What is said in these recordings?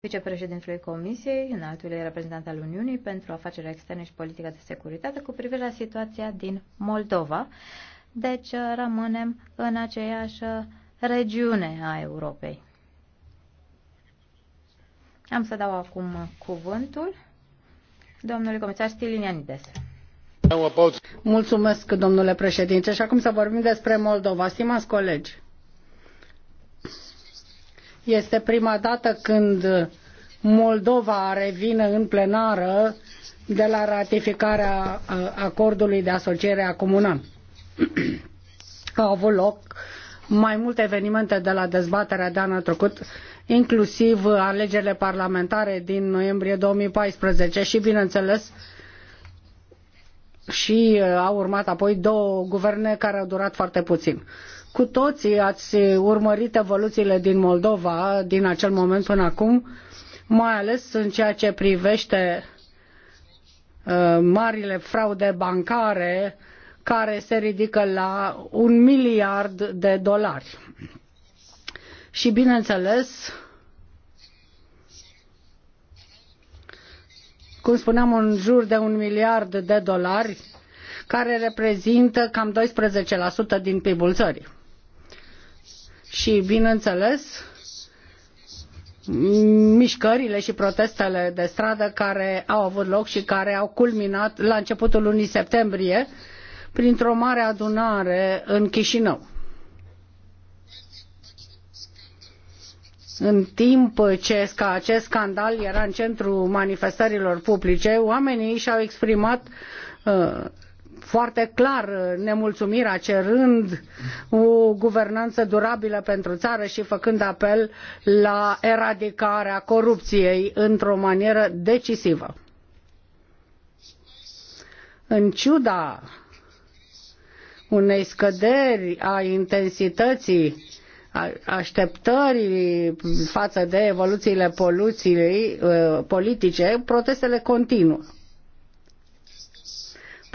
Vicepreședintele Comisiei, înaltul reprezentant al Uniunii pentru afaceri externe și politica de securitate cu privire la situația din Moldova. Deci uh, rămânem în aceeași uh, regiune a Europei. Am să dau acum uh, cuvântul domnului comisar Stilinianides. Mulțumesc, domnule președinte. Și acum să vorbim despre Moldova. Stimați colegi, este prima dată când Moldova revine în plenară de la ratificarea uh, acordului de asociere a comună. Au avut loc mai multe evenimente de la dezbaterea de anul trecut, inclusiv alegerile parlamentare din noiembrie 2014 și, bineînțeles, și uh, au urmat apoi două guverne care au durat foarte puțin. Cu toții ați urmărit evoluțiile din Moldova din acel moment până acum, mai ales în ceea ce privește uh, marile fraude bancare care se ridică la un miliard de dolari. Și bineînțeles, cum spuneam, în jur de un miliard de dolari, care reprezintă cam 12% din PIB-ul țării și, bineînțeles, mișcările și protestele de stradă care au avut loc și care au culminat la începutul lunii septembrie printr-o mare adunare în Chișinău. În timp ce acest scandal era în centrul manifestărilor publice, oamenii și-au exprimat uh, foarte clar uh, nemulțumirea cerând o guvernanță durabilă pentru țară și făcând apel la eradicarea corupției într-o manieră decisivă. În ciuda unei scăderi a intensității așteptării față de evoluțiile poluției uh, politice, protestele continuă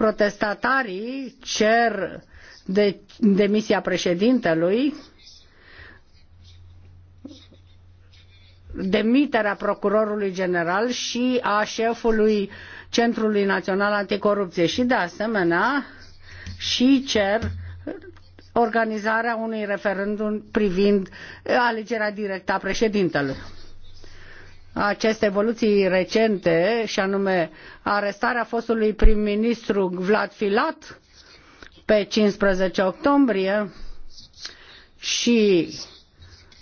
protestatarii cer de, demisia președintelui, demiterea procurorului general și a șefului Centrului Național Anticorupție și de asemenea și cer organizarea unui referendum privind alegerea directă a președintelui aceste evoluții recente, și anume arestarea fostului prim-ministru Vlad Filat pe 15 octombrie și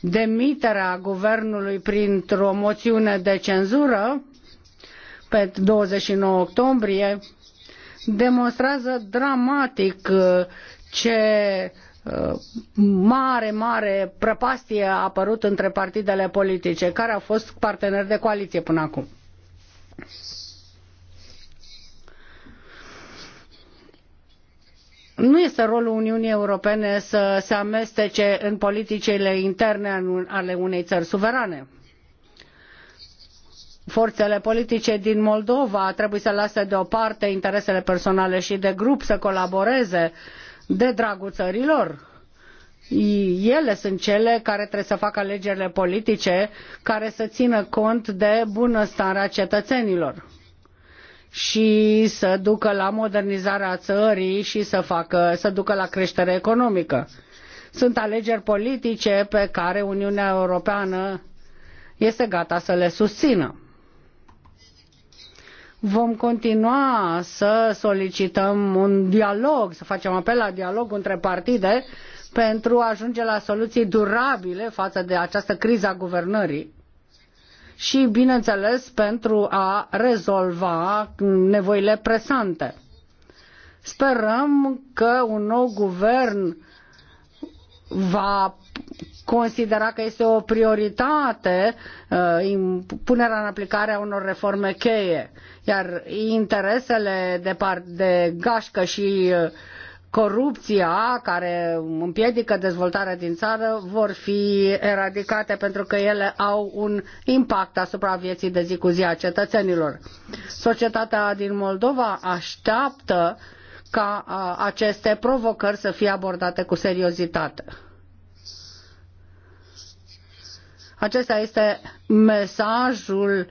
demiterea guvernului printr-o moțiune de cenzură pe 29 octombrie demonstrează dramatic ce Uh, mare, mare prăpastie a apărut între partidele politice, care au fost parteneri de coaliție până acum. Nu este rolul Uniunii Europene să se amestece în politicile interne ale unei țări suverane. Forțele politice din Moldova trebuie să lase deoparte interesele personale și de grup, să colaboreze uh, de dragul țărilor. Ele sunt cele care trebuie să facă alegerile politice care să țină cont de bunăstarea cetățenilor și să ducă la modernizarea țării și să, facă, să ducă la creștere economică. Sunt alegeri politice pe care Uniunea Europeană este gata să le susțină. Vom continua să solicităm un dialog, să facem apel la dialog între partide pentru a ajunge la soluții durabile față de această criză a guvernării și, bineînțeles, pentru a rezolva nevoile presante. Sperăm că un nou guvern va considera că este o prioritate în uh, punerea în aplicare a unor reforme cheie, iar interesele de, par, de gașcă și uh, corupția care împiedică dezvoltarea din țară vor fi eradicate pentru că ele au un impact asupra vieții de zi cu zi a cetățenilor. Societatea din Moldova așteaptă ca uh, aceste provocări să fie abordate cu seriozitate. Acesta este mesajul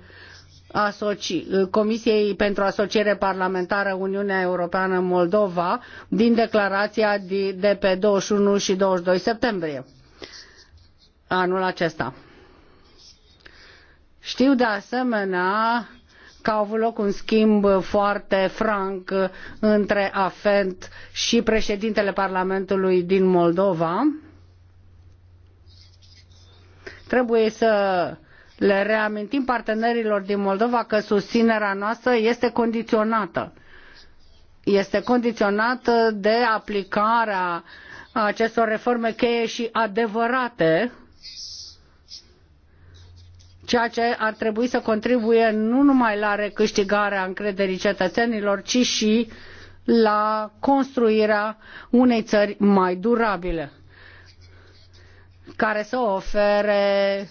Comisiei pentru Asociere Parlamentară Uniunea Europeană Moldova din declarația de pe 21 și 22 septembrie anul acesta. Știu de asemenea că a avut loc un schimb foarte franc între AFENT și președintele Parlamentului din Moldova, Trebuie să le reamintim partenerilor din Moldova că susținerea noastră este condiționată. Este condiționată de aplicarea acestor reforme cheie și adevărate, ceea ce ar trebui să contribuie nu numai la recâștigarea încrederii cetățenilor, ci și la construirea unei țări mai durabile care să ofere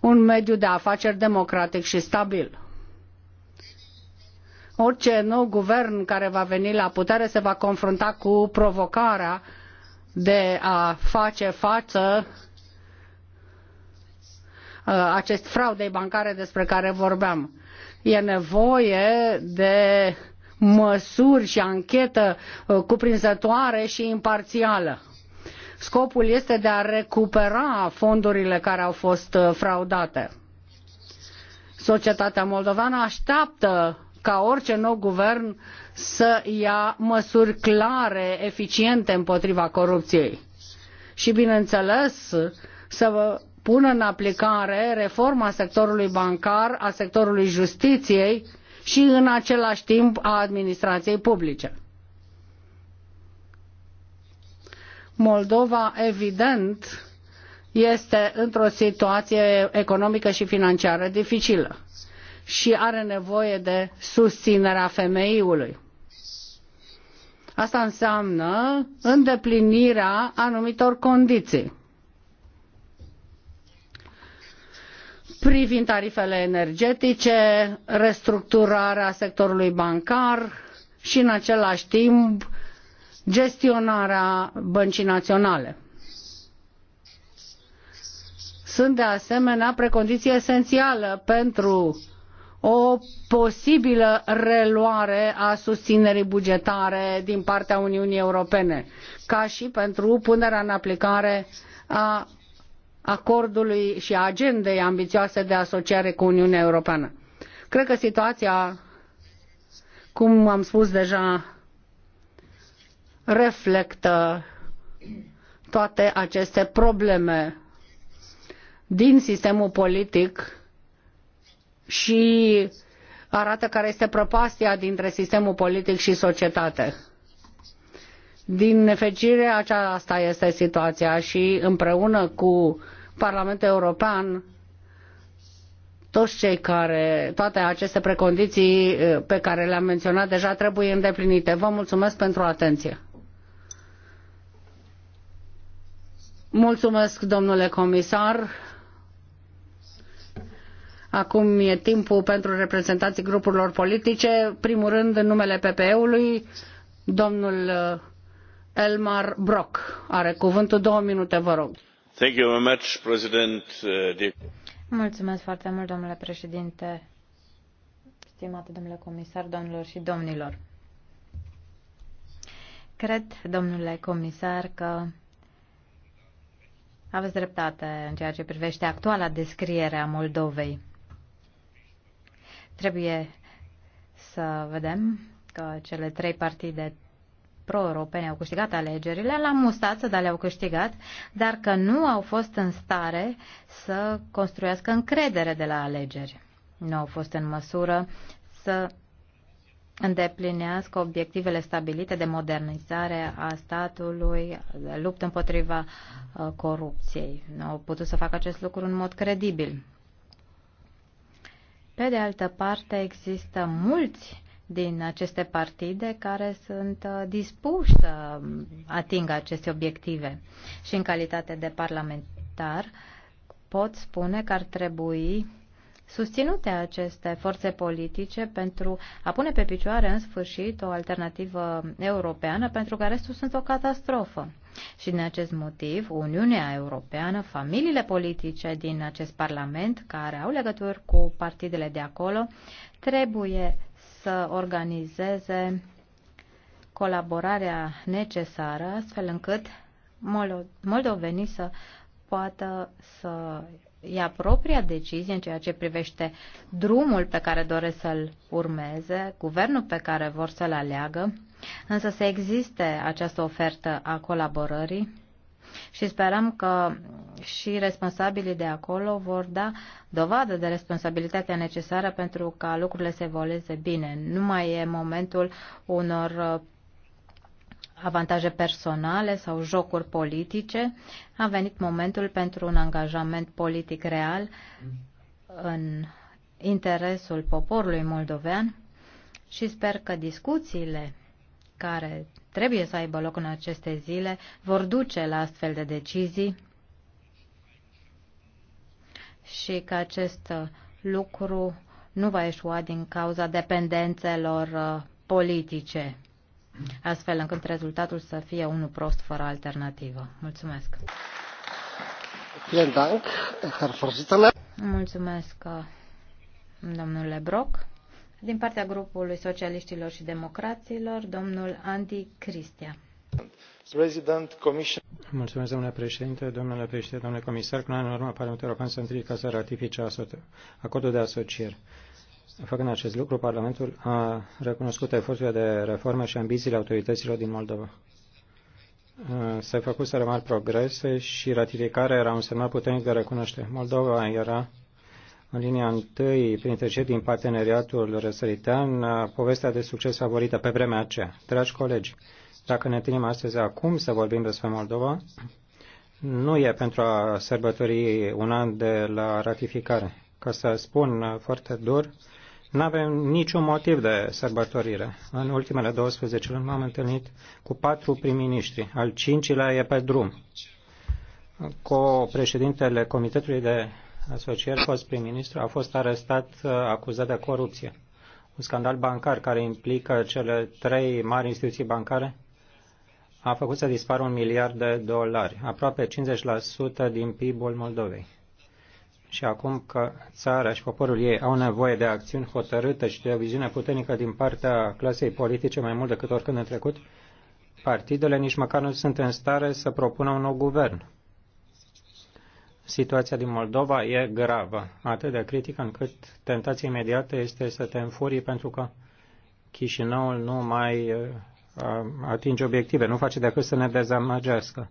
un mediu de afaceri democratic și stabil. Orice nou guvern care va veni la putere se va confrunta cu provocarea de a face față uh, acest fraudei bancare despre care vorbeam. E nevoie de măsuri și anchetă uh, cuprinzătoare și imparțială Scopul este de a recupera fondurile care au fost uh, fraudate. Societatea moldovană așteaptă ca orice nou guvern să ia măsuri clare, eficiente împotriva corupției. Și, bineînțeles, să pună în aplicare reforma sectorului bancar, a sectorului justiției și, în același timp, a administrației publice. Moldova, evident, este într-o situație economică și financiară dificilă și are nevoie de susținerea femeiului. Asta înseamnă îndeplinirea anumitor condiții. privind tarifele energetice, restructurarea sectorului bancar și în același timp gestionarea băncii naționale. Sunt de asemenea precondiție esențială pentru o posibilă reluare a susținerii bugetare din partea Uniunii Europene, ca și pentru punerea în aplicare a acordului și a agendei ambițioase de asociare cu Uniunea Europeană. Cred că situația, cum am spus deja reflectă toate aceste probleme din sistemul politic și arată care este prăpastia dintre sistemul politic și societate. Din nefericire, aceasta este situația și împreună cu Parlamentul European, toți cei care, toate aceste precondiții eh, pe care le-am menționat deja trebuie îndeplinite. Vă mulțumesc pentru atenție. Mulțumesc, domnule comisar. Acum e timpul pentru reprezentanții grupurilor politice. Primul rând, în numele PPE-ului, domnul uh, Elmar Brok are cuvântul. Două minute, vă rog. Thank you very much, President. Uh, Mulțumesc foarte mult, domnule președinte, stimate domnule comisar, domnilor și domnilor. Cred, domnule comisar, că aveți dreptate în ceea ce privește actuala descriere a Moldovei. Trebuie să vedem că cele trei partide pro-europene au câștigat alegerile, la mustață, dar le-au câștigat, dar că nu au fost în stare să construiască încredere de la alegeri. Nu au fost în măsură să îndeplinească obiectivele stabilite de modernizare a statului, luptă împotriva uh, corupției. Nu au putut să facă acest lucru în mod credibil. Pe de altă parte, există mulți din aceste partide care sunt uh, dispuși să atingă aceste obiective. Și în calitate de parlamentar pot spune că ar trebui susținute aceste forțe politice pentru a pune pe picioare în sfârșit o alternativă europeană pentru care restul sunt o catastrofă. Și din acest motiv, Uniunea Europeană, familiile politice din acest Parlament care au legături cu partidele de acolo, trebuie să organizeze colaborarea necesară astfel încât moldovenii să poată să ia propria decizie în ceea ce privește drumul pe care doresc să-l urmeze, guvernul pe care vor să-l aleagă, însă să existe această ofertă a colaborării și sperăm că și responsabilii de acolo vor da dovadă de responsabilitatea necesară pentru ca lucrurile să evolueze bine. Nu mai e momentul unor avantaje personale sau jocuri politice, a venit momentul pentru un angajament politic real în interesul poporului moldovean și sper că discuțiile care trebuie să aibă loc în aceste zile vor duce la astfel de decizii și că acest lucru nu va eșua din cauza dependențelor uh, politice astfel încât rezultatul să fie unul prost fără alternativă. Mulțumesc! Mulțumesc, domnule Broc. Din partea grupului socialiștilor și democraților, domnul Andy Cristia. Mulțumesc, domnule președinte, domnule președinte, domnule comisar. Cu în urmă, Parlamentul European să a întâlnit ca să ratifice acordul de asociere. Făcând acest lucru, Parlamentul a recunoscut eforturile de reformă și ambițiile autorităților din Moldova. S-au făcut să mari progrese și ratificarea era un semnal puternic de recunoaștere. Moldova era în linia întâi, printre cei din parteneriatul răsăritean, povestea de succes favorită pe vremea aceea. Dragi colegi, dacă ne întâlnim astăzi acum să vorbim despre Moldova, nu e pentru a sărbători un an de la ratificare. Ca să spun foarte dur, nu avem niciun motiv de sărbătorire. În ultimele 12 luni m-am întâlnit cu patru prim-ministri. Al cincilea e pe drum. Cu președintele Comitetului de Asocieri, fost prim-ministru, a fost arestat uh, acuzat de corupție. Un scandal bancar care implică cele trei mari instituții bancare a făcut să dispară un miliard de dolari, aproape 50% din PIB-ul Moldovei și acum că țara și poporul ei au nevoie de acțiuni hotărâte și de o viziune puternică din partea clasei politice mai mult decât oricând în trecut, partidele nici măcar nu sunt în stare să propună un nou guvern. Situația din Moldova e gravă, atât de critică încât tentația imediată este să te înfurii pentru că Chișinăul nu mai uh, atinge obiective, nu face decât să ne dezamăgească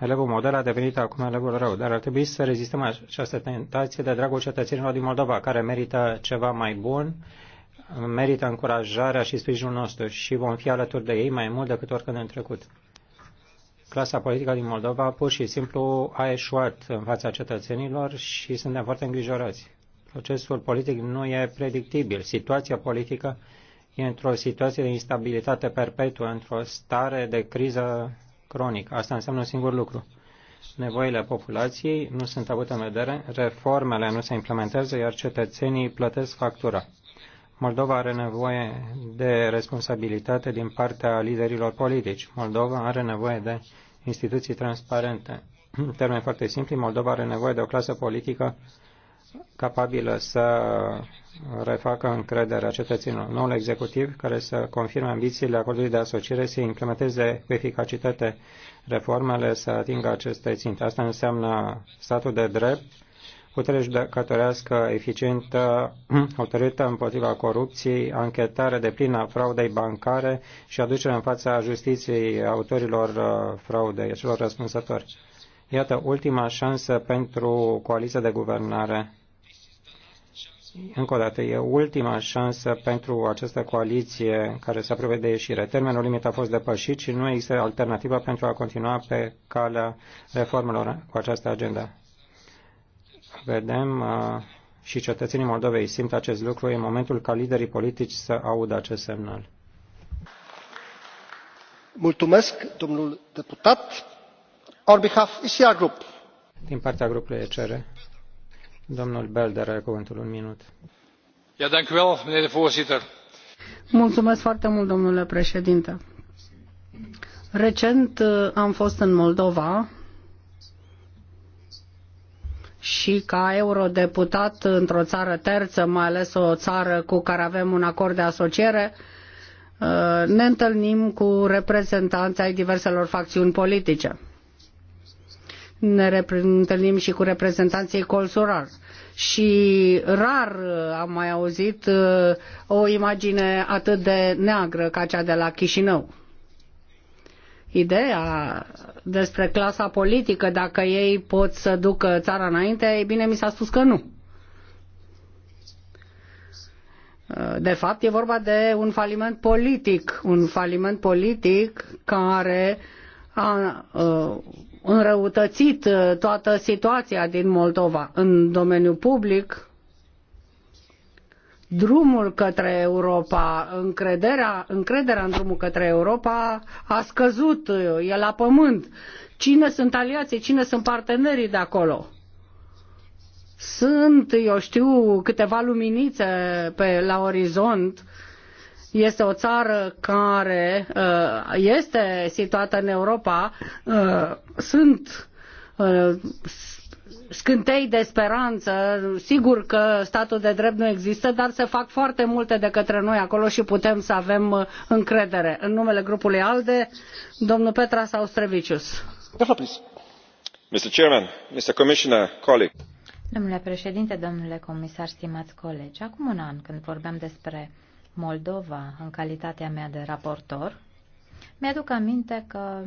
elevul um, model a devenit acum elevul rău, dar ar trebui să rezistăm această tentație de dragul cetățenilor din Moldova, care merită ceva mai bun, merită încurajarea și sprijinul nostru și vom fi alături de ei mai mult decât oricând în trecut. Clasa politică din Moldova pur și simplu a eșuat în fața cetățenilor și suntem foarte îngrijorați. Procesul politic nu e predictibil. Situația politică e într-o situație de instabilitate perpetuă, într-o stare de criză cronic. Asta înseamnă un singur lucru. Nevoile populației nu sunt avute în vedere, reformele nu se implementează, iar cetățenii plătesc factura. Moldova are nevoie de responsabilitate din partea liderilor politici. Moldova are nevoie de instituții transparente. În termeni foarte simpli, Moldova are nevoie de o clasă politică capabilă să refacă încrederea cetățenilor. Noul executiv care să confirme ambițiile acordului de asociere, să implementeze cu eficacitate reformele, să atingă aceste ținte. Asta înseamnă statul de drept, putere judecătorească eficientă, autorită împotriva corupției, anchetare de plină a fraudei bancare și aducerea în fața justiției autorilor uh, fraudei, celor răspunsători. Iată, ultima șansă pentru coaliția de guvernare încă o dată, e ultima șansă pentru această coaliție care se apropie de ieșire. Termenul limit a fost depășit și nu există alternativă pentru a continua pe calea reformelor cu această agenda. Vedem uh, și cetățenii Moldovei simt acest lucru în momentul ca liderii politici să audă acest semnal. Mulțumesc, domnul deputat. On behalf ECR Group. Din partea grupului ECR, Domnul Belder are cuvântul un minut. Ja, dank wel, meneer de voorzitter. Mulțumesc foarte mult, domnule președinte. Recent uh, am fost în Moldova și ca eurodeputat într-o țară terță, mai ales o țară cu care avem un acord de asociere, uh, ne întâlnim cu reprezentanți ai diverselor facțiuni politice ne întâlnim și cu reprezentanții Colsorar. Și rar uh, am mai auzit uh, o imagine atât de neagră ca cea de la Chișinău ideea despre clasa politică, dacă ei pot să ducă țara înainte, e bine, mi s-a spus că nu. Uh, de fapt, e vorba de un faliment politic, un faliment politic care a, a înrăutățit uh, toată situația din Moldova în domeniul public, drumul către Europa, încrederea, încrederea în drumul către Europa a scăzut, uh, e la pământ. Cine sunt aliații, cine sunt partenerii de acolo? Sunt, eu știu, câteva luminițe pe, la orizont, este o țară care uh, este situată în Europa. Uh, sunt uh, scântei de speranță. Sigur că statul de drept nu există, dar se fac foarte multe de către noi acolo și putem să avem încredere. În numele grupului ALDE, domnul Petra Saustrevicius. Mr. Chairman, Mr. Commissioner, colleague. Domnule președinte, domnule comisar, stimați colegi, acum un an când vorbeam despre Moldova în calitatea mea de raportor, mi-aduc aminte că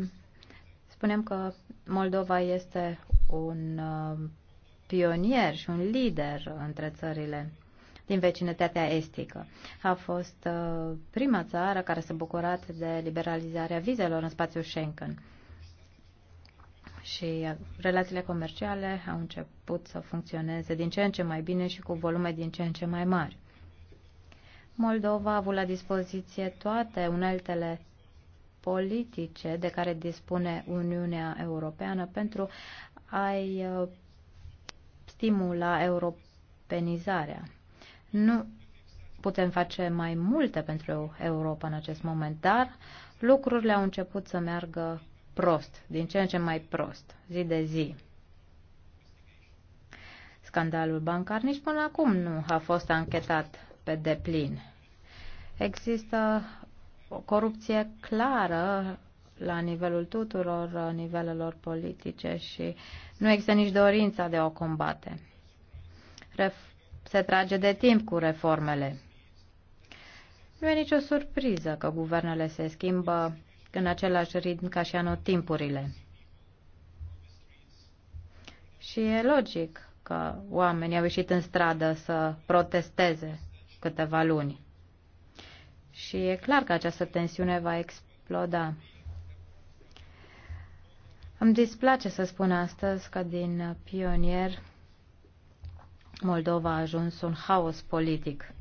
spunem că Moldova este un uh, pionier și un lider între țările din vecinătatea estică. A fost uh, prima țară care s-a bucurat de liberalizarea vizelor în spațiul Schengen și uh, relațiile comerciale au început să funcționeze din ce în ce mai bine și cu volume din ce în ce mai mari. Moldova a avut la dispoziție toate uneltele politice de care dispune Uniunea Europeană pentru a-i uh, stimula europenizarea. Nu putem face mai multe pentru Europa în acest moment, dar lucrurile au început să meargă prost, din ce în ce mai prost, zi de zi. Scandalul bancar nici până acum nu a fost anchetat pe deplin. Există o corupție clară la nivelul tuturor nivelelor politice și nu există nici dorința de a o combate. se trage de timp cu reformele. Nu e nicio surpriză că guvernele se schimbă în același ritm ca și anotimpurile. Și e logic că oamenii au ieșit în stradă să protesteze câteva luni. Și e clar că această tensiune va exploda. Îmi displace să spun astăzi că din pionier Moldova a ajuns un haos politic.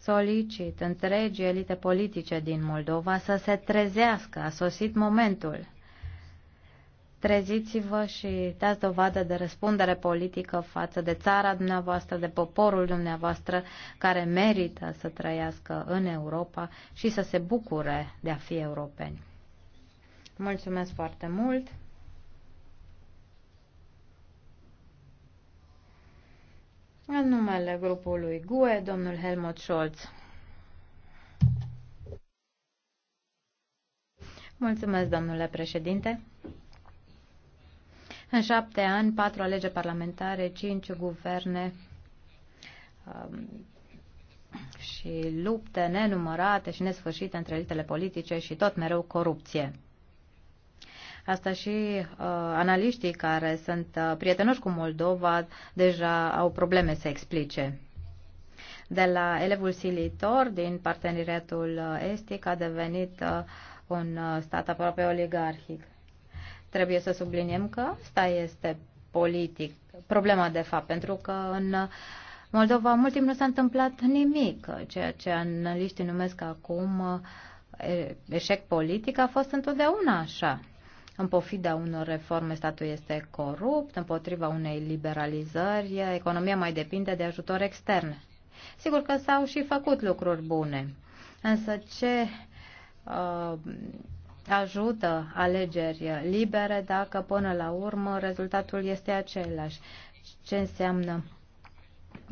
Solicit întregii elite politice din Moldova să se trezească, a sosit momentul. Treziți-vă și dați dovadă de răspundere politică față de țara dumneavoastră, de poporul dumneavoastră, care merită să trăiască în Europa și să se bucure de a fi europeni. Mulțumesc foarte mult! În numele grupului GUE, domnul Helmut Scholz. Mulțumesc, domnule președinte. În șapte ani, patru alege parlamentare, cinci guverne um, și lupte nenumărate și nesfârșite între elitele politice și tot mereu corupție. Asta și uh, analiștii care sunt uh, prietenoși cu Moldova deja au probleme să explice. De la elevul silitor din parteneriatul uh, estic a devenit uh, un uh, stat aproape oligarhic. Trebuie să subliniem că asta este politic, problema de fapt, pentru că în Moldova mult timp nu s-a întâmplat nimic. Ceea ce analiștii numesc acum eșec politic a fost întotdeauna așa. În pofida unor reforme, statul este corupt, împotriva unei liberalizări, economia mai depinde de ajutor extern. Sigur că s-au și făcut lucruri bune, însă ce uh, ajută alegeri libere dacă până la urmă rezultatul este același. Ce înseamnă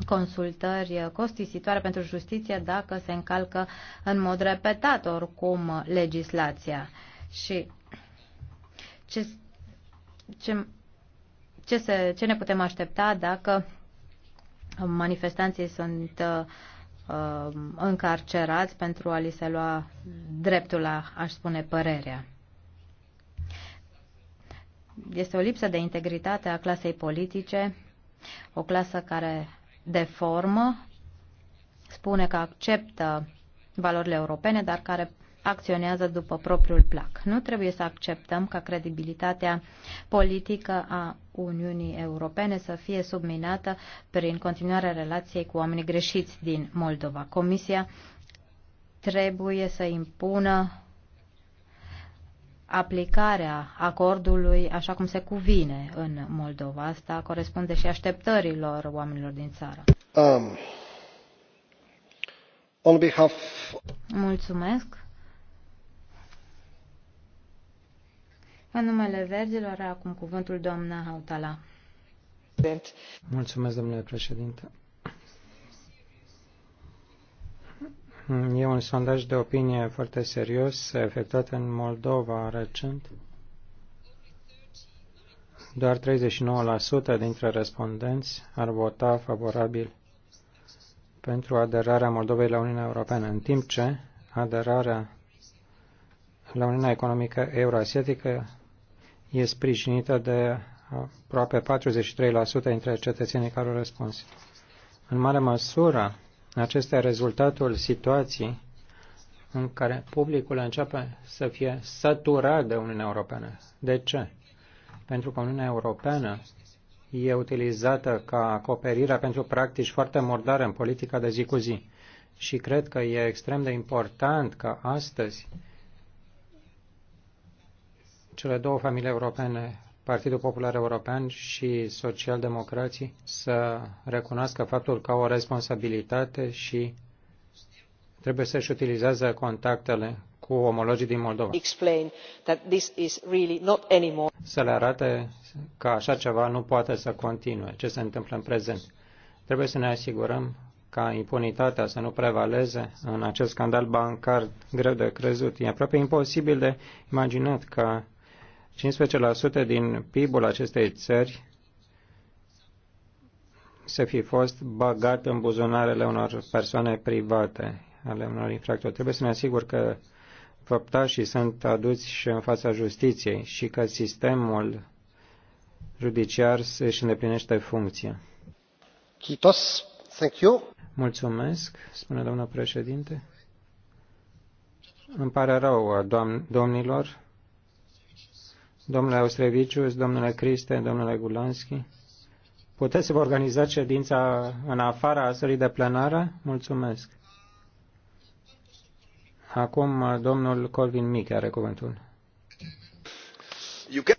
consultări costisitoare pentru justiție dacă se încalcă în mod repetat oricum legislația. Și ce, ce, ce, se, ce ne putem aștepta dacă manifestanții sunt uh, uh, încarcerați pentru a li se lua dreptul la aș spune părerea. Este o lipsă de integritate a clasei politice, o clasă care deformă, spune că acceptă valorile europene, dar care acționează după propriul plac. Nu trebuie să acceptăm ca credibilitatea politică a Uniunii Europene să fie subminată prin continuarea relației cu oamenii greșiți din Moldova. Comisia trebuie să impună aplicarea acordului așa cum se cuvine în Moldova. Asta corespunde și așteptărilor oamenilor din țară. Um, on behalf... Mulțumesc. În numele verzilor acum cuvântul doamna Hautala. Mulțumesc, domnule președinte. E un sondaj de opinie foarte serios efectuat în Moldova recent. Doar 39% dintre respondenți ar vota favorabil pentru aderarea Moldovei la Uniunea Europeană, în timp ce aderarea la Uniunea Economică Euroasiatică e sprijinită de aproape 43% dintre cetățenii care au răspuns. În mare măsură, acesta e rezultatul situației în care publicul începe să fie săturat de Uniunea Europeană. De ce? Pentru că Uniunea Europeană e utilizată ca acoperirea pentru practici foarte mordare în politica de zi cu zi. Și cred că e extrem de important ca astăzi cele două familii europene, Partidul Popular European și Socialdemocrații, să recunoască faptul că au o responsabilitate și trebuie să-și utilizează contactele cu omologii din Moldova. Să le arate că așa ceva nu poate să continue, ce se întâmplă în prezent. Trebuie să ne asigurăm ca impunitatea să nu prevaleze în acest scandal bancar greu de crezut. E aproape imposibil de imaginat ca 15% din PIB-ul acestei țări să fi fost băgat în buzunarele unor persoane private, ale unor infractori. Trebuie să ne asigur că făptașii sunt aduți și în fața justiției și că sistemul judiciar își îndeplinește funcția. Chitos, thank you. Mulțumesc, spune doamna președinte. Îmi pare rău, doamn, domnilor domnule Ostrevicius, domnule Criste, domnule Gulanski. Puteți să vă organizați ședința în afara sării de plenară? Mulțumesc. Acum domnul Colvin Miche are cuvântul.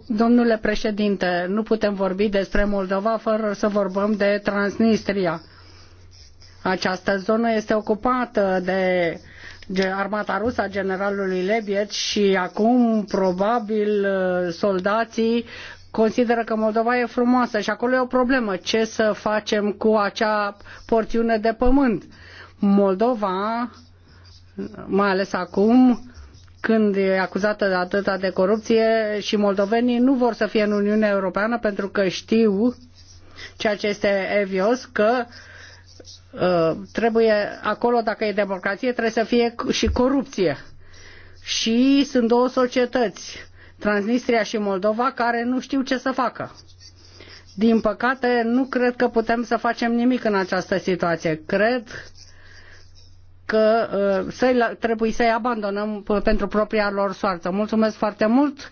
Domnule președinte, nu putem vorbi despre Moldova fără să vorbim de Transnistria. Această zonă este ocupată de armata rusă a generalului Lebiet și acum probabil soldații consideră că Moldova e frumoasă și acolo e o problemă. Ce să facem cu acea porțiune de pământ? Moldova, mai ales acum, când e acuzată de atâta de corupție și moldovenii nu vor să fie în Uniunea Europeană pentru că știu ceea ce este evios, că uh, Uh, trebuie acolo, dacă e democrație, trebuie să fie și corupție. Și sunt două societăți, Transnistria și Moldova, care nu știu ce să facă. Din păcate, nu cred că putem să facem nimic în această situație. Cred că uh, să trebuie să-i abandonăm pentru propria lor soartă. Mulțumesc foarte mult!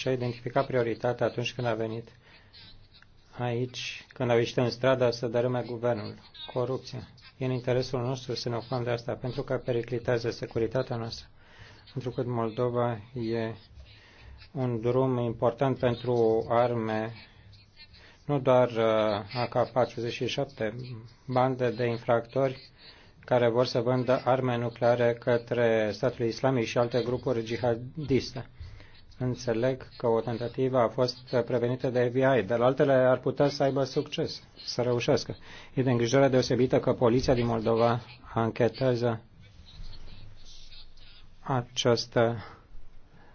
și a identificat prioritatea atunci când a venit aici, când a ieșit în stradă să dărâme guvernul. Corupția. E în interesul nostru să ne ocupăm de asta, pentru că periclitează securitatea noastră. Pentru că Moldova e un drum important pentru arme, nu doar uh, AK-47, bande de infractori care vor să vândă arme nucleare către statul islamic și alte grupuri jihadiste. Înțeleg că o tentativă a fost prevenită de FBI, dar altele ar putea să aibă succes, să reușească. E de îngrijorare deosebită că poliția din Moldova anchetează această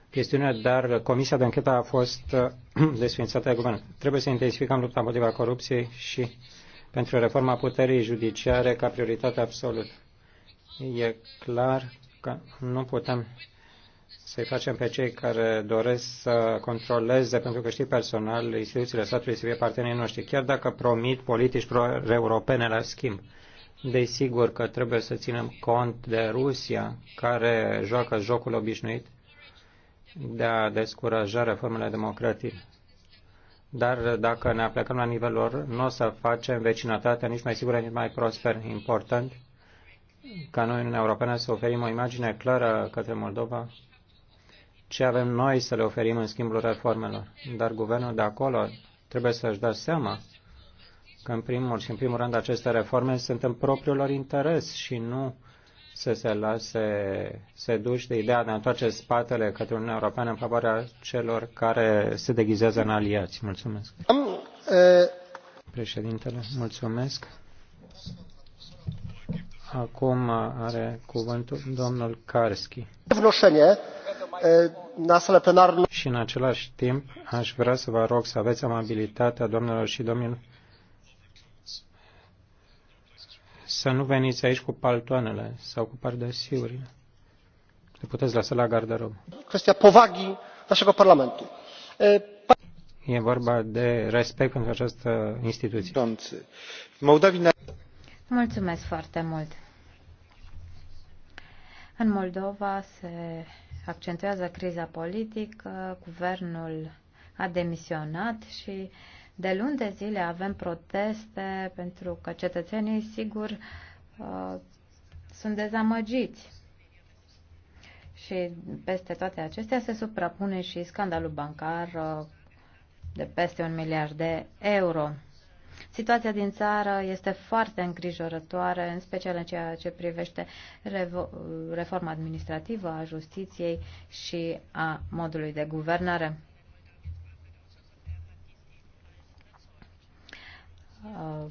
chestiune, dar Comisia de închetă a fost desfințată de guvern. Trebuie să intensificăm lupta împotriva corupției și pentru reforma puterii judiciare ca prioritate absolută. E clar că nu putem să-i facem pe cei care doresc să controleze, pentru că știi personal, instituțiile statului să fie partenerii noștri, chiar dacă promit politici pro-europene la schimb. Desigur că trebuie să ținem cont de Rusia, care joacă jocul obișnuit de a descuraja reformele democratice. Dar dacă ne aplicăm la nivelul lor, nu o să facem vecinătatea nici mai sigură, nici mai prosper. Important ca noi în Europene să oferim o imagine clară către Moldova ce avem noi să le oferim în schimbul reformelor. Dar guvernul de acolo trebuie să-și dea seama că în primul și în primul rând aceste reforme sunt în propriul lor interes și nu să se lase seduși de ideea de a întoarce spatele către Uniunea Europeană în favoarea celor care se deghizează în aliați. Mulțumesc. Am, e... Președintele, mulțumesc. Acum are cuvântul domnul Karski la plenară. Și în același timp aș vrea să vă rog să aveți amabilitatea, doamnelor și domnilor, să nu veniți aici cu paltoanele sau cu pardesiurile. Le puteți lăsa la garderob. Chestia povagii naszego parlamentu. E vorba de respect pentru această instituție. Mulțumesc foarte mult. În Moldova se accentuează criza politică, guvernul a demisionat și de luni de zile avem proteste pentru că cetățenii, sigur, uh, sunt dezamăgiți. Și peste toate acestea se suprapune și scandalul bancar uh, de peste un miliard de euro. Situația din țară este foarte îngrijorătoare, în special în ceea ce privește reforma administrativă a justiției și a modului de guvernare. Uh,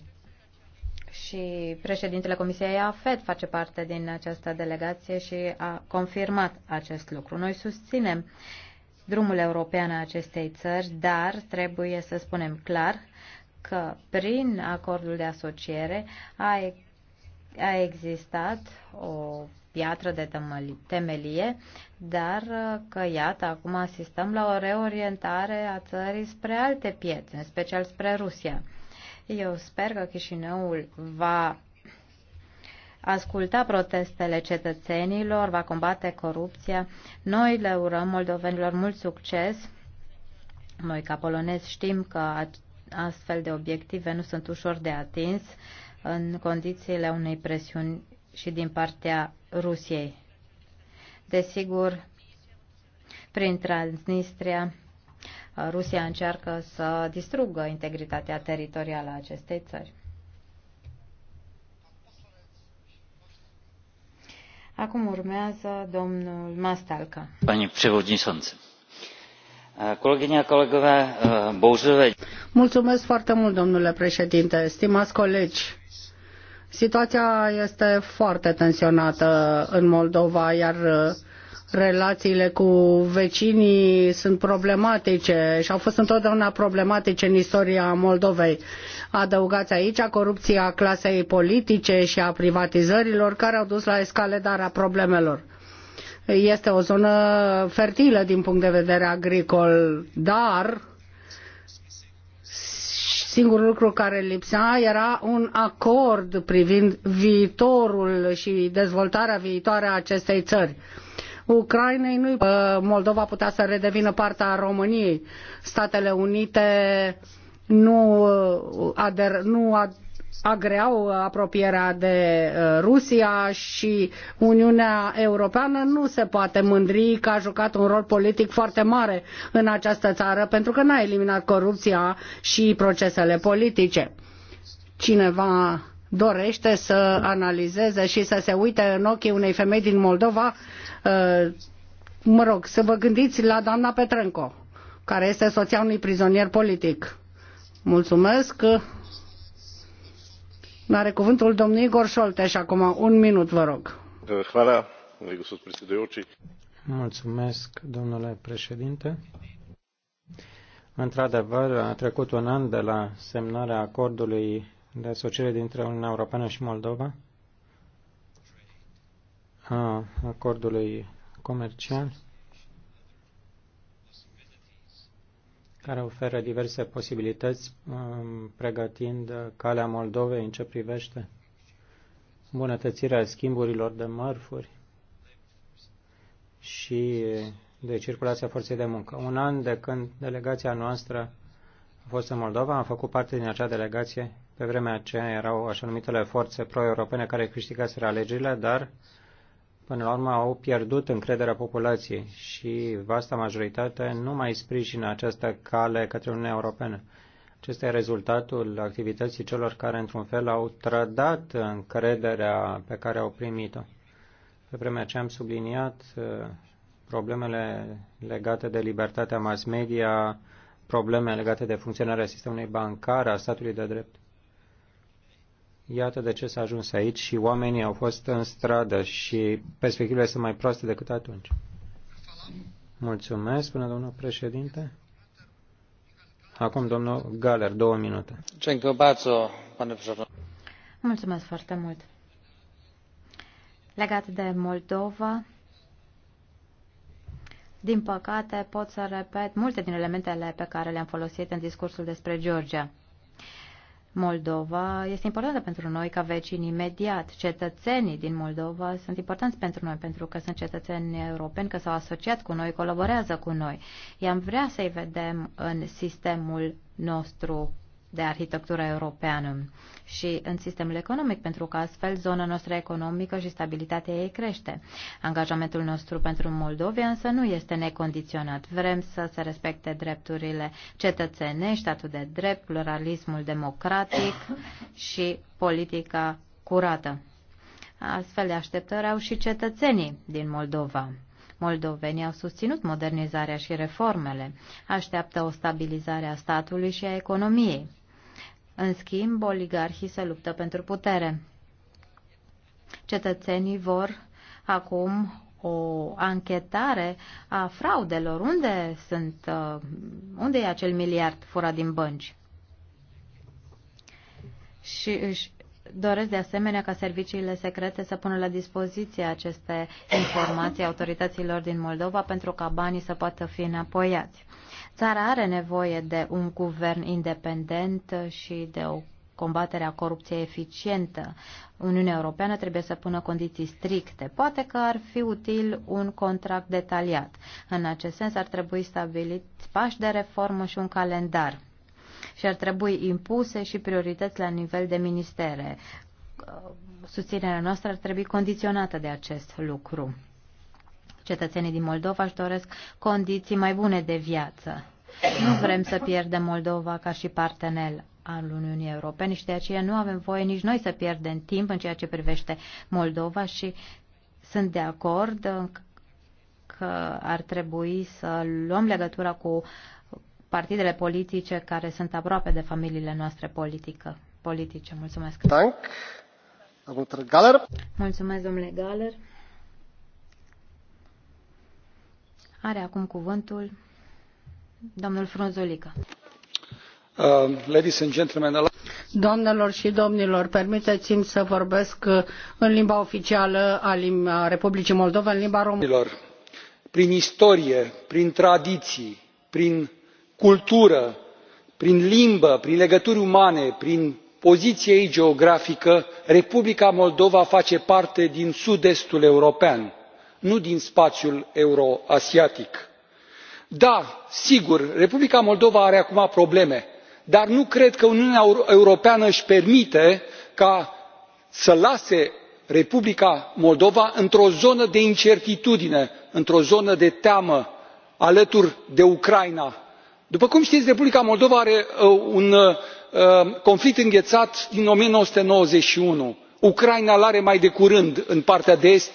și președintele Comisiei AFED face parte din această delegație și a confirmat acest lucru. Noi susținem drumul european a acestei țări, dar trebuie să spunem clar că prin acordul de asociere a, a existat o piatră de temelie, dar uh, că, iată, acum asistăm la o reorientare a țării spre alte piețe, în special spre Rusia. Eu sper că Chișinăul va asculta protestele cetățenilor, va combate corupția. Noi le urăm moldovenilor mult succes. Noi, ca polonezi, știm că astfel de obiective nu sunt ușor de atins în condițiile unei presiuni și din partea Rusiei. Desigur, prin Transnistria, Rusia încearcă să distrugă integritatea teritorială a acestei țări. Acum urmează domnul Mastalca. Pani președinte. Eh, Mulțumesc foarte mult, domnule președinte, stimați colegi. Situația este foarte tensionată în Moldova, iar eh, relațiile cu vecinii sunt problematice și au fost întotdeauna problematice în istoria Moldovei. Adăugați aici corupția clasei politice și a privatizărilor care au dus la escaladarea problemelor este o zonă fertilă din punct de vedere agricol, dar singurul lucru care lipsea era un acord privind viitorul și dezvoltarea viitoare a acestei țări. Ucrainei nu Moldova putea să redevină partea României. Statele Unite nu, ader, nu ad agreau apropierea de uh, Rusia și Uniunea Europeană nu se poate mândri că a jucat un rol politic foarte mare în această țară pentru că n-a eliminat corupția și procesele politice. Cineva dorește să analizeze și să se uite în ochii unei femei din Moldova, uh, mă rog, să vă gândiți la doamna Petrenco, care este soția unui prizonier politic. Mulțumesc. Are cuvântul domnul Igor Șolteș acum. Un minut, vă rog. Mulțumesc, domnule președinte. Într-adevăr, a trecut un an de la semnarea acordului de asociere dintre Uniunea Europeană și Moldova, a acordului comercial. care oferă diverse posibilități um, pregătind calea Moldovei în ce privește bunătățirea schimburilor de mărfuri și de circulația forței de muncă. Un an de când delegația noastră a fost în Moldova, am făcut parte din acea delegație. Pe vremea aceea erau așa numitele forțe pro-europene care câștigaseră alegerile, dar uh, până la urmă au pierdut încrederea populației și vasta majoritate nu mai sprijină această cale către Uniunea Europeană. Acesta e rezultatul activității celor care, într-un fel, au trădat încrederea pe care au primit-o. Pe vremea ce am subliniat uh, problemele legate de libertatea mass media, probleme legate de funcționarea sistemului bancar, a statului de drept. Iată de ce s-a ajuns aici și oamenii au fost în stradă și perspectivele sunt mai proaste decât atunci. Mulțumesc, până domnul președinte. Acum domnul Galer, două minute. Mulțumesc foarte mult. Legat de Moldova, din păcate pot să repet multe din elementele pe care le-am folosit în discursul despre Georgia. Moldova este importantă pentru noi ca vecini imediat. Cetățenii din Moldova sunt importanți pentru noi pentru că sunt cetățeni europeni, că s-au asociat cu noi, colaborează cu noi. I-am vrea să-i vedem în sistemul nostru de arhitectură europeană și în sistemul economic, pentru că astfel zona noastră economică și stabilitatea ei crește. Angajamentul nostru pentru Moldovia însă nu este necondiționat. Vrem să se respecte drepturile cetățenești, statul de drept, pluralismul democratic și politica curată. Astfel de așteptări au și cetățenii din Moldova. Moldovenii au susținut modernizarea și reformele, așteaptă o stabilizare a statului și a economiei. În schimb, oligarhii se luptă pentru putere. Cetățenii vor acum o anchetare a fraudelor. Unde sunt, uh, unde e acel miliard furat din bănci? Și își doresc de asemenea ca serviciile secrete să pună la dispoziție aceste informații autorităților din Moldova pentru ca banii să poată fi înapoiați. Țara are nevoie de un guvern independent și de o combatere a corupției eficientă. Uniunea Europeană trebuie să pună condiții stricte. Poate că ar fi util un contract detaliat. În acest sens ar trebui stabilit pași de reformă și un calendar. Și ar trebui impuse și priorități la nivel de ministere. Susținerea noastră ar trebui condiționată de acest lucru. Cetățenii din Moldova își doresc condiții mai bune de viață. Nu vrem să pierdem Moldova ca și partener al Uniunii Europene și de aceea nu avem voie nici noi să pierdem timp în ceea ce privește Moldova și sunt de acord că ar trebui să luăm legătura cu partidele politice care sunt aproape de familiile noastre politică, politice. Mulțumesc. Thank. Mulțumesc, domnule Galer. Are acum cuvântul domnul Frunzulică. Uh, Doamnelor și domnilor, permiteți-mi să vorbesc uh, în limba oficială a Republicii Moldova, în limba română. Prin istorie, prin tradiții, prin cultură, prin limbă, prin legături umane, prin poziția ei geografică, Republica Moldova face parte din sud-estul european nu din spațiul euro asiatic. da sigur republica moldova are acum probleme dar nu cred că uniunea europeană își permite să lase republica moldova într o zonă de incertitudine într o zonă de teamă alături de ucraina. după cum știți republica moldova are uh, un uh, conflict înghețat din o mie nouă sute nouăzeci și unu ucraina îl are mai de curând în partea de est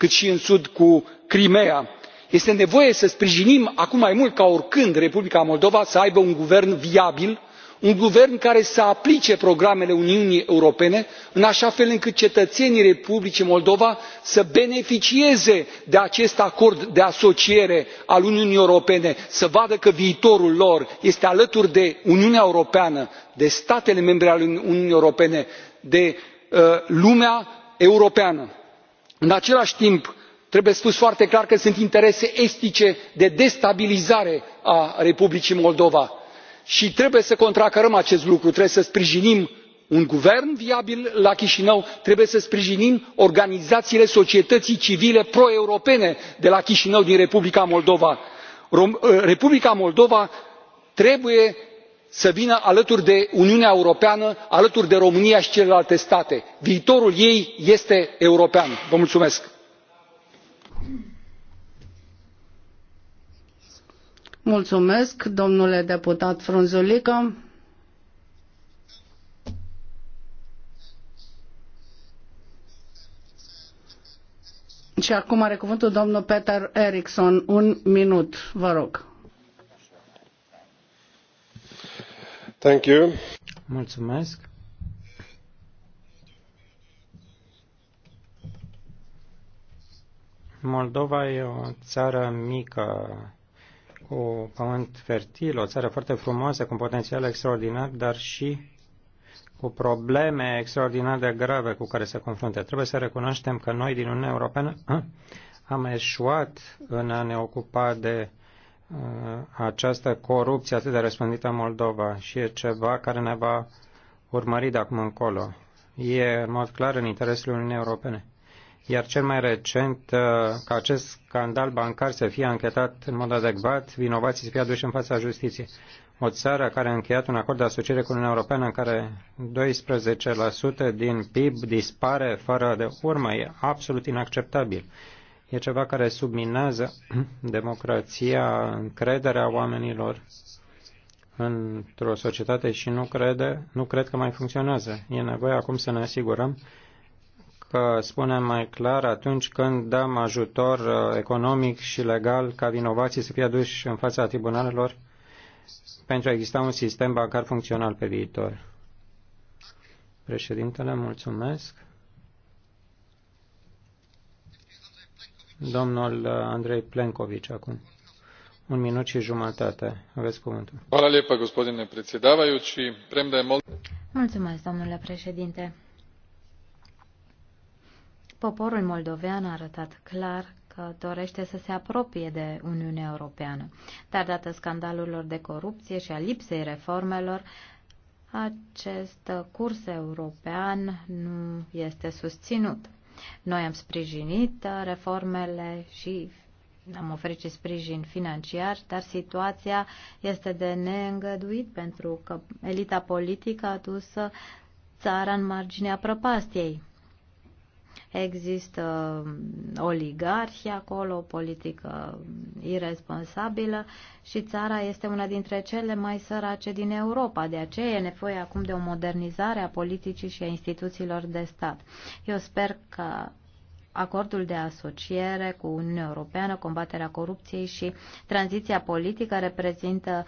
cât și în sud cu crimeea. este nevoie să sprijinim acum mai mult ca oricând republica moldova să aibă un guvern viabil un guvern care să aplice programele uniunii europene în așa fel încât cetățenii republicii moldova să beneficieze de acest acord de asociere al uniunii europene să vadă că viitorul lor este alături de uniunea europeană de statele membre ale uniunii europene de uh, lumea europeană în același timp trebuie spus foarte clar că sunt interese estice de destabilizare a republicii moldova și trebuie să contracarăm acest lucru trebuie să sprijinim un guvern viabil la chișinău trebuie să sprijinim organizațiile societății civile pro europene de la chișinău din republica moldova. republica moldova trebuie să vină alături de uniunea europeană alături de românia și celelalte state viitorul ei este european. vă mulțumesc. mulțumesc domnule deputat frunzulică. și acum are cuvântul domnul peter eriksson un minut vă rog. Thank you. Mulțumesc. Moldova e o țară mică, cu pământ fertil, o țară foarte frumoasă, cu un potențial extraordinar, dar și cu probleme extraordinar de grave cu care se confruntă. Trebuie să recunoaștem că noi din Uniunea Europeană am eșuat în a ne ocupa de Uh, această corupție atât de răspândită în Moldova și e ceva care ne va urmări de acum încolo. E în mod clar în interesul Uniunii Europene. Iar cel mai recent, uh, ca acest scandal bancar să fie anchetat în mod adecvat, vinovații să fie aduși în fața justiției. O țară care a încheiat un acord de asociere cu Uniunea Europeană în care 12% din PIB dispare fără de urmă e absolut inacceptabil. E ceva care subminează democrația, încrederea oamenilor într-o societate și nu, crede, nu cred că mai funcționează. E nevoie acum să ne asigurăm că spunem mai clar atunci când dăm ajutor uh, economic și legal ca vinovații să fie aduși în fața tribunalelor pentru a exista un sistem bancar funcțional pe viitor. Președintele, mulțumesc. Domnul uh, Andrei Plenković acum. Un minut și jumătate. Aveți cuvântul. Mulțumesc, domnule președinte. Poporul moldovean a arătat clar că dorește să se apropie de Uniunea Europeană, dar dată scandalurilor de corupție și a lipsei reformelor, acest curs european nu este susținut. Noi am sprijinit uh, reformele și am oferit și sprijin financiar, dar situația este de neîngăduit pentru că elita politică a dus uh, țara în marginea prăpastiei există um, oligarhi acolo, o politică irresponsabilă și țara este una dintre cele mai sărace din Europa. De aceea e nevoie acum de o modernizare a politicii și a instituțiilor de stat. Eu sper că acordul de asociere cu Uniunea Europeană, combaterea corupției și tranziția politică reprezintă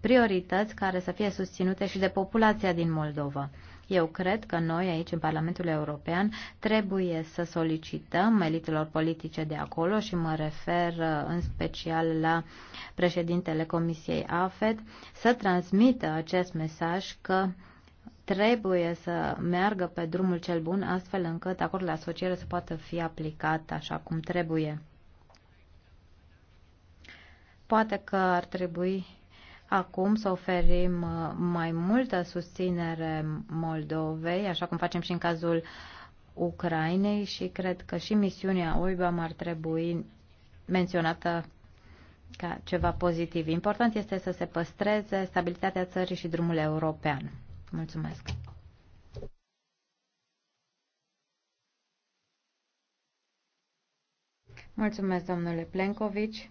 priorități care să fie susținute și de populația din Moldova. Eu cred că noi aici, în Parlamentul European, trebuie să solicităm elitelor politice de acolo și mă refer uh, în special la președintele Comisiei AFED să transmită acest mesaj că trebuie să meargă pe drumul cel bun astfel încât acordul de asociere să poată fi aplicat așa cum trebuie. Poate că ar trebui acum să oferim uh, mai multă susținere Moldovei, așa cum facem și în cazul Ucrainei și cred că și misiunea OIBAM ar trebui menționată ca ceva pozitiv. Important este să se păstreze stabilitatea țării și drumul european. Mulțumesc! Mulțumesc, domnule Plenkovici.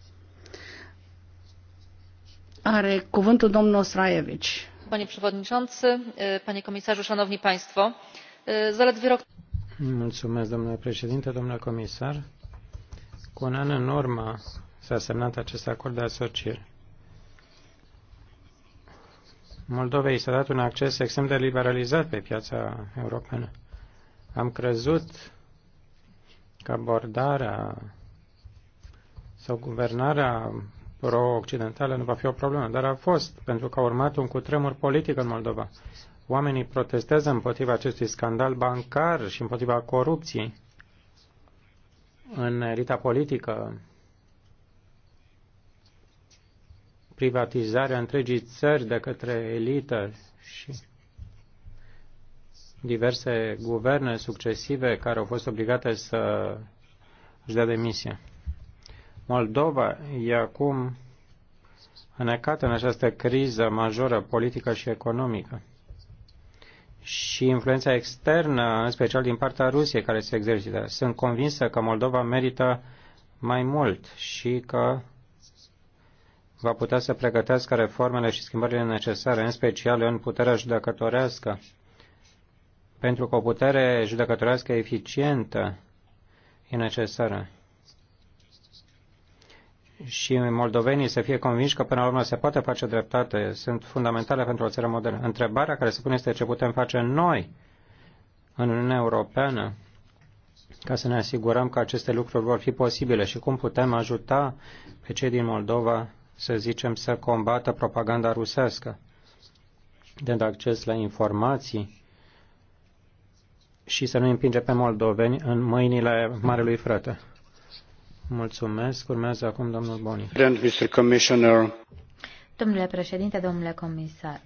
are cuvântul domnul Ostraievici. Panie przewodniczący panie komisarzu szanowni państwo, zaledwie rok... Mulțumesc, domnule președinte, domnule comisar. Cu un an în urmă s-a semnat acest acord de asociere. Moldovei s-a dat un acces extrem de liberalizat pe piața europeană. Am crezut că abordarea sau guvernarea pro-occidentală nu va fi o problemă, dar a fost, pentru că a urmat un cutremur politic în Moldova. Oamenii protestează împotriva acestui scandal bancar și împotriva corupției în elita politică, privatizarea întregii țări de către elită și diverse guverne succesive care au fost obligate să își dea demisia. Moldova e acum înecată în această criză majoră politică și economică. Și influența externă, în special din partea Rusiei, care se exercită. Sunt convinsă că Moldova merită mai mult și că va putea să pregătească reformele și schimbările necesare, în special în puterea judecătorească. Pentru că o putere judecătorească eficientă e necesară și moldovenii să fie convinși că până la urmă se poate face dreptate, sunt fundamentale pentru o țară modernă. Întrebarea care se pune este ce putem face noi în Uniunea Europeană ca să ne asigurăm că aceste lucruri vor fi posibile și cum putem ajuta pe cei din Moldova, să zicem, să combată propaganda rusească, de acces la informații și să nu împinge pe moldoveni în mâinile Marelui Frate. Mulțumesc. Urmează acum domnul Boni. Domnule președinte, domnule comisar,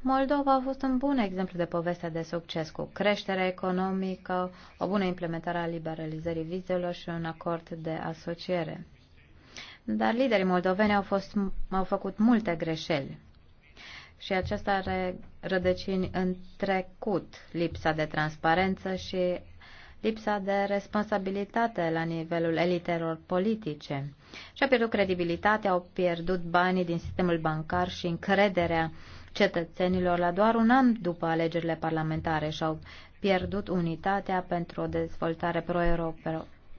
Moldova a fost un bun exemplu de poveste de succes cu creștere economică, o bună implementare a liberalizării vizelor și un acord de asociere. Dar liderii moldoveni au, fost, au făcut multe greșeli și acesta are rădăcini în trecut, lipsa de transparență și lipsa de responsabilitate la nivelul elitelor politice. Și-a pierdut credibilitatea, au pierdut banii din sistemul bancar și încrederea cetățenilor la doar un an după alegerile parlamentare și-au pierdut unitatea pentru o dezvoltare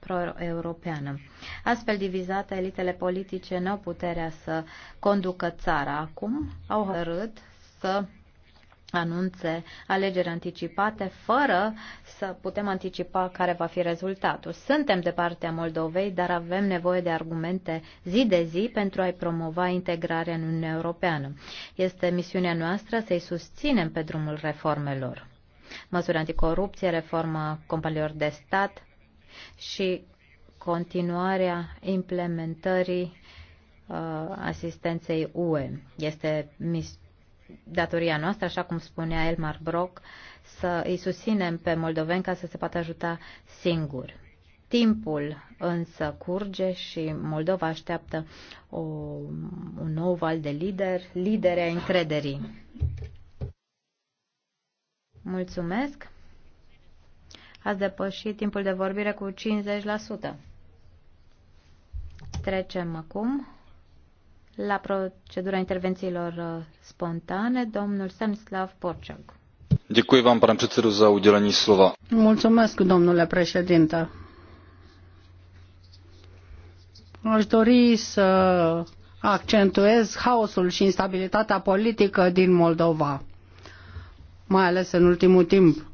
pro-europeană. Pro Astfel divizate, elitele politice nu au puterea să conducă țara. Acum au hărât să anunțe alegeri anticipate fără să putem anticipa care va fi rezultatul. Suntem de partea Moldovei, dar avem nevoie de argumente zi de zi pentru a-i promova integrarea în Uniunea Europeană. Este misiunea noastră să-i susținem pe drumul reformelor. Măsuri anticorupție, reforma companiilor de stat și continuarea implementării uh, asistenței UE. Este mis- datoria noastră, așa cum spunea Elmar Brock, să îi susținem pe moldoveni ca să se poată ajuta singur. Timpul însă curge și Moldova așteaptă o, un nou val de lideri, lidere încrederii. Mulțumesc! Ați depășit timpul de vorbire cu 50%. Trecem acum la procedura intervențiilor uh, spontane, domnul Stanislav Borciog. Děkuji vám, pane předsedo, za udělení slova. Mulțumesc, domnule președinte. Aș dori să accentuez haosul și instabilitatea politică din Moldova, mai ales în ultimul timp.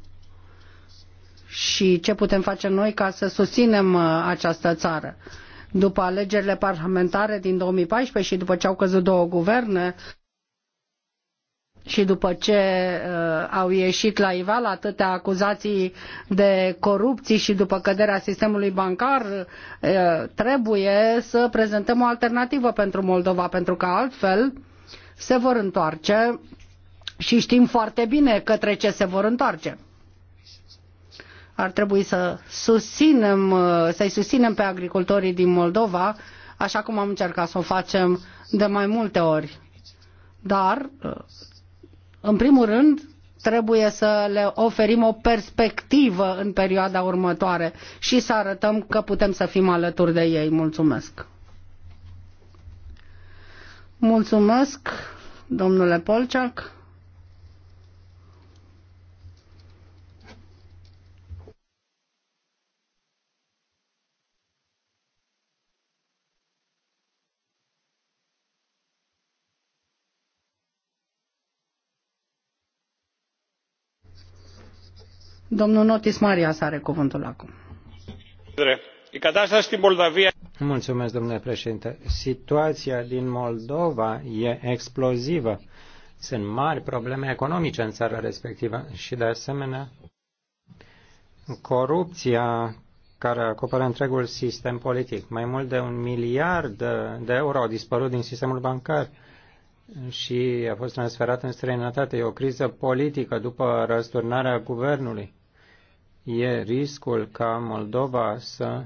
Și ce putem face noi ca să susținem uh, această țară? după alegerile parlamentare din 2014 și după ce au căzut două guverne și după ce uh, au ieșit la ival atâtea acuzații de corupții și după căderea sistemului bancar, uh, trebuie să prezentăm o alternativă pentru Moldova, pentru că altfel se vor întoarce și știm foarte bine către ce se vor întoarce ar trebui să susținem, uh, să-i susținem pe agricultorii din Moldova, așa cum am încercat să o facem de mai multe ori. Dar, uh, în primul rând, trebuie să le oferim o perspectivă în perioada următoare și să arătăm că putem să fim alături de ei. Mulțumesc! Mulțumesc, domnule Polciac! Domnul Notis Maria are cuvântul acum. Mulțumesc, domnule președinte. Situația din Moldova e explozivă. Sunt mari probleme economice în țara respectivă și, de asemenea, corupția care acoperă întregul sistem politic. Mai mult de un miliard de euro au dispărut din sistemul bancar și a fost transferat în străinătate. E o criză politică după răsturnarea guvernului e riscul ca Moldova să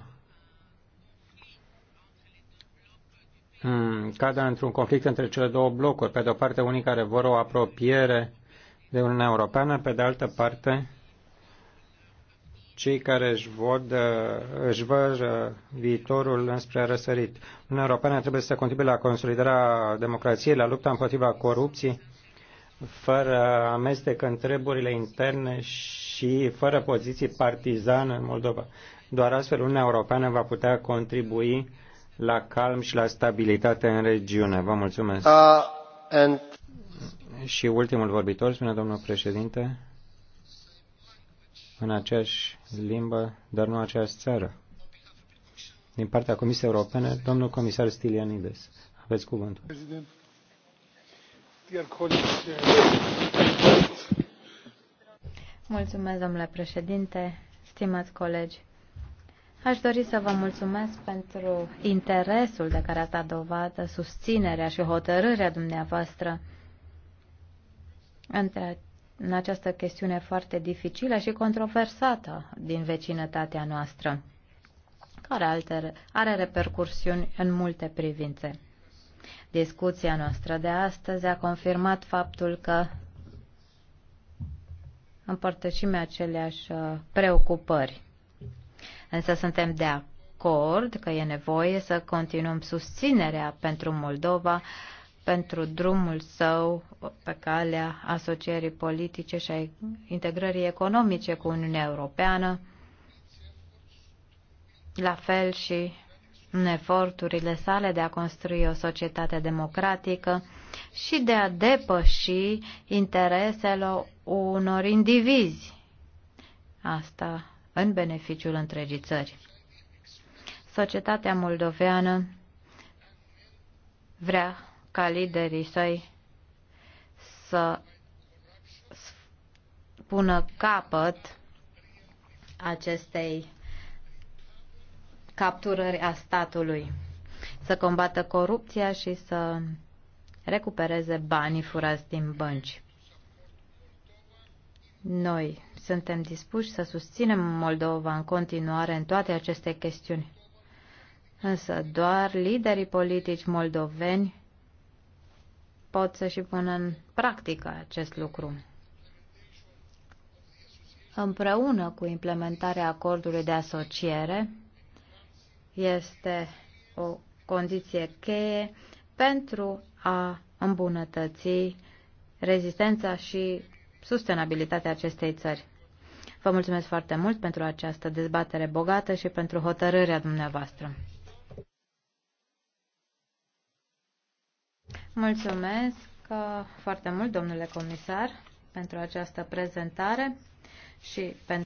mm, cadă într-un conflict între cele două blocuri. Pe de o parte, unii care vor o apropiere de Uniunea Europeană, pe de altă parte, cei care își, văd, își văd uh, viitorul înspre răsărit. Uniunea Europeană trebuie să contribuie la consolidarea democrației, la lupta împotriva corupției, fără amestec în treburile interne și și fără poziții partizane în Moldova. Doar astfel Uniunea Europeană va putea contribui la calm și la stabilitate în regiune. Vă mulțumesc. Uh, and... Și ultimul vorbitor, spune domnul președinte, în aceeași limbă, dar nu aceeași țară. Din partea Comisiei Europene, domnul comisar Stilianides. Aveți cuvântul. dear colleagues, Mulțumesc, domnule președinte, stimați colegi. Aș dori să vă mulțumesc pentru interesul de care a dat dovadă, susținerea și hotărârea dumneavoastră între, în această chestiune foarte dificilă și controversată din vecinătatea noastră, care alter, are repercursiuni în multe privințe. Discuția noastră de astăzi a confirmat faptul că împărtășim aceleași uh, preocupări. Însă suntem de acord că e nevoie să continuăm susținerea pentru Moldova, pentru drumul său pe calea asocierii politice și a integrării economice cu Uniunea Europeană, la fel și în eforturile sale de a construi o societate democratică și de a depăși intereselor unor indivizi. Asta în beneficiul întregii țări. Societatea moldoveană vrea ca liderii săi să pună capăt acestei capturări a statului, să combată corupția și să recupereze banii furați din bănci. Noi suntem dispuși să susținem Moldova în continuare în toate aceste chestiuni. Însă doar liderii politici moldoveni pot să și pună în practică acest lucru. Împreună cu implementarea acordului de asociere, este o condiție cheie pentru a îmbunătăți rezistența și sustenabilitatea acestei țări. Vă mulțumesc foarte mult pentru această dezbatere bogată și pentru hotărârea dumneavoastră. Mulțumesc uh, foarte mult, domnule comisar, pentru această prezentare și pentru